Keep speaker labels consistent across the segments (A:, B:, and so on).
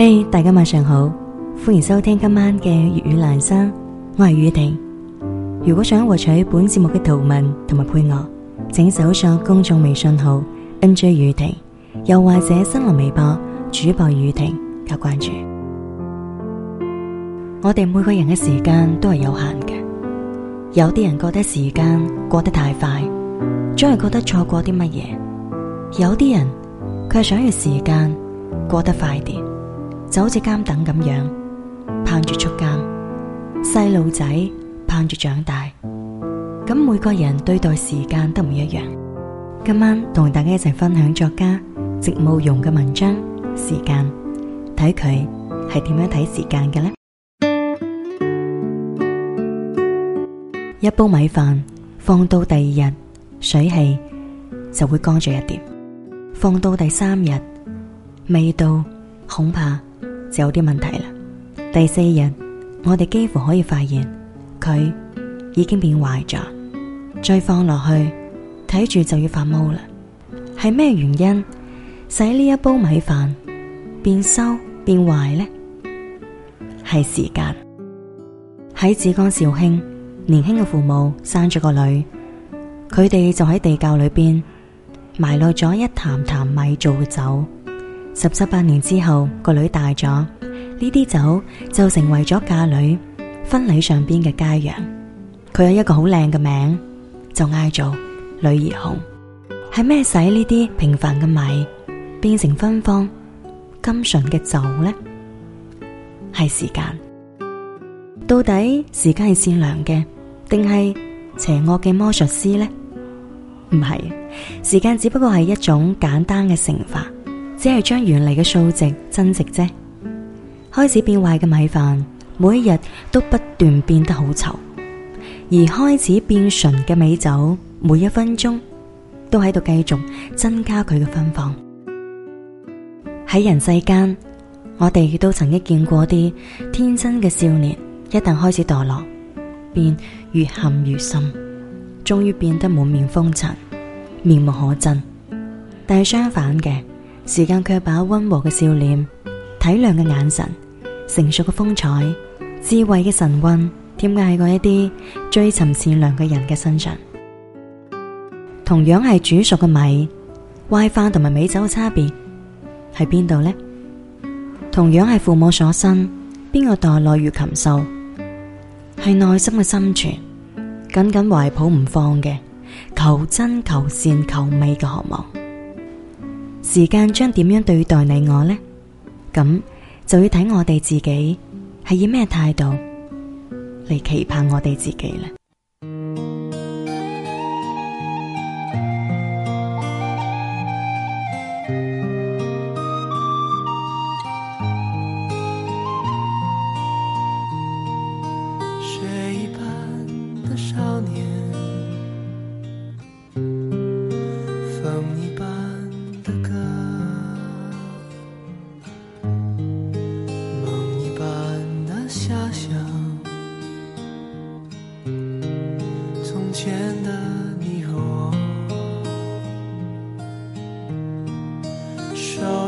A: 嘿，hey, 大家晚上好，歡迎收聽今晚嘅粵語蘭生，我係雨婷。如果想獲取本節目嘅圖文同埋配樂，請搜索公眾微信號 NJ 雨婷，又或者新浪微博主播雨婷加關注。 我哋每個人嘅時間都係有限嘅，有啲人覺得時間過得太快，總係覺得錯過啲乜嘢；有啲人佢係想要時間過得快啲。就好似監等咁樣，盼住出監；細路仔盼住長大。咁每個人對待時間都唔一樣。今晚同大家一齊分享作家席慕蓉嘅文章《時間》，睇佢係點樣睇時間嘅呢？一煲米飯放到第二日，水氣就會乾咗一點；放到第三日，味道恐怕，就有啲問題啦。第四日，我哋幾乎可以發現佢已經變壞咗。再放落去睇住，就要發毛啦。係咩原因使呢一煲米飯變餿變壞呢？係時間。喺浙江紹興，年輕嘅父母生咗個女，佢哋就喺地窖裏邊埋落咗一罈罈米做嘅酒。十七八年之後，個女大咗，呢啲酒就成為咗嫁女婚禮上邊嘅佳釀。佢有一個好靚嘅名，就嗌做女兒紅。係咩使呢啲平凡嘅米變成芬芳甘醇嘅酒呢？係時間。到底時間係善良嘅，定係邪惡嘅魔術師呢？唔係，時間只不過係一種簡單嘅成法。只係將原嚟嘅數值增值啫。開始變壞嘅米飯，每一日都不斷變得好稠；而開始變醇嘅美酒，每一分鐘都喺度繼續增加佢嘅芬芳。喺人世間，我哋都曾經見過啲天真嘅少年，一旦開始墮落，便越陷越深，終於變得滿面風塵，面目可憎。但係相反嘅。時間卻把温和嘅笑臉、體諒嘅眼神、成熟嘅風采、智慧嘅神韻，添加喺嗰一啲最尋善良嘅人嘅身上。同樣係煮熟嘅米，壞飯同埋美酒嘅差別喺邊度呢？同樣係父母所生，邊個墮落如禽獸？係內心嘅心存，緊緊懷抱唔放嘅，求真、求善、求美嘅渴望。時間將點樣對待你我呢？咁就要睇我哋自己係以咩態度嚟期盼我哋自己啦。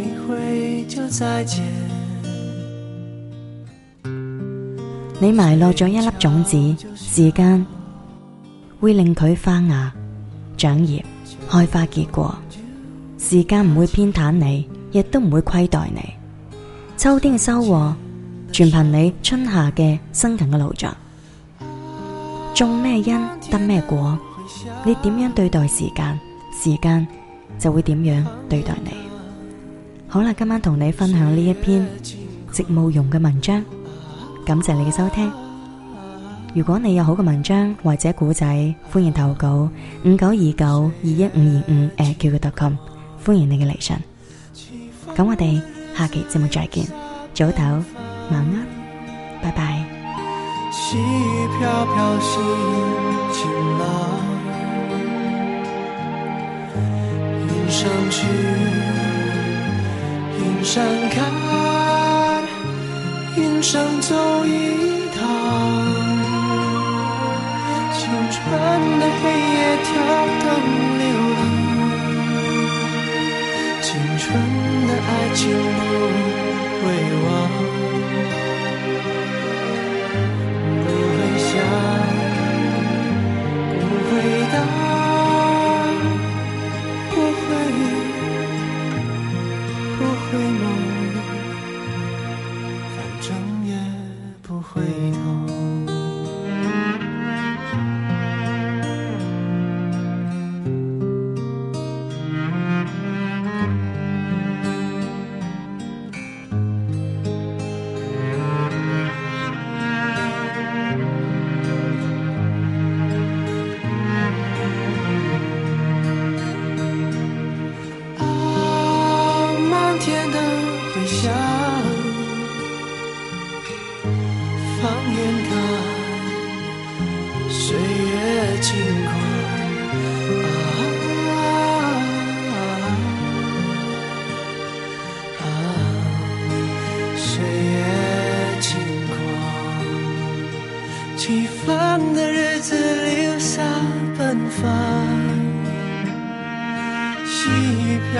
B: 一回就再
A: 見你埋落咗一粒種子，時間會令佢發芽、長葉、開花結果。時間唔會偏袒你，亦都唔會虧待你。秋天嘅收穫，全憑你春夏嘅辛勤嘅勞作。種咩因得咩果，你點樣對待時間，時間就會點樣對待你。好啦，今晚同你分享呢一篇席慕蓉嘅文章，感謝你嘅收聽。如果你有好嘅文章或者古仔，歡迎投稿五九二九二一五二五，誒，叫佢特琴。歡迎你嘅嚟信。咁我哋下期節目再見，早唞，晚安，
B: 拜拜。 山看雲上走一趟。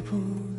B: 一步。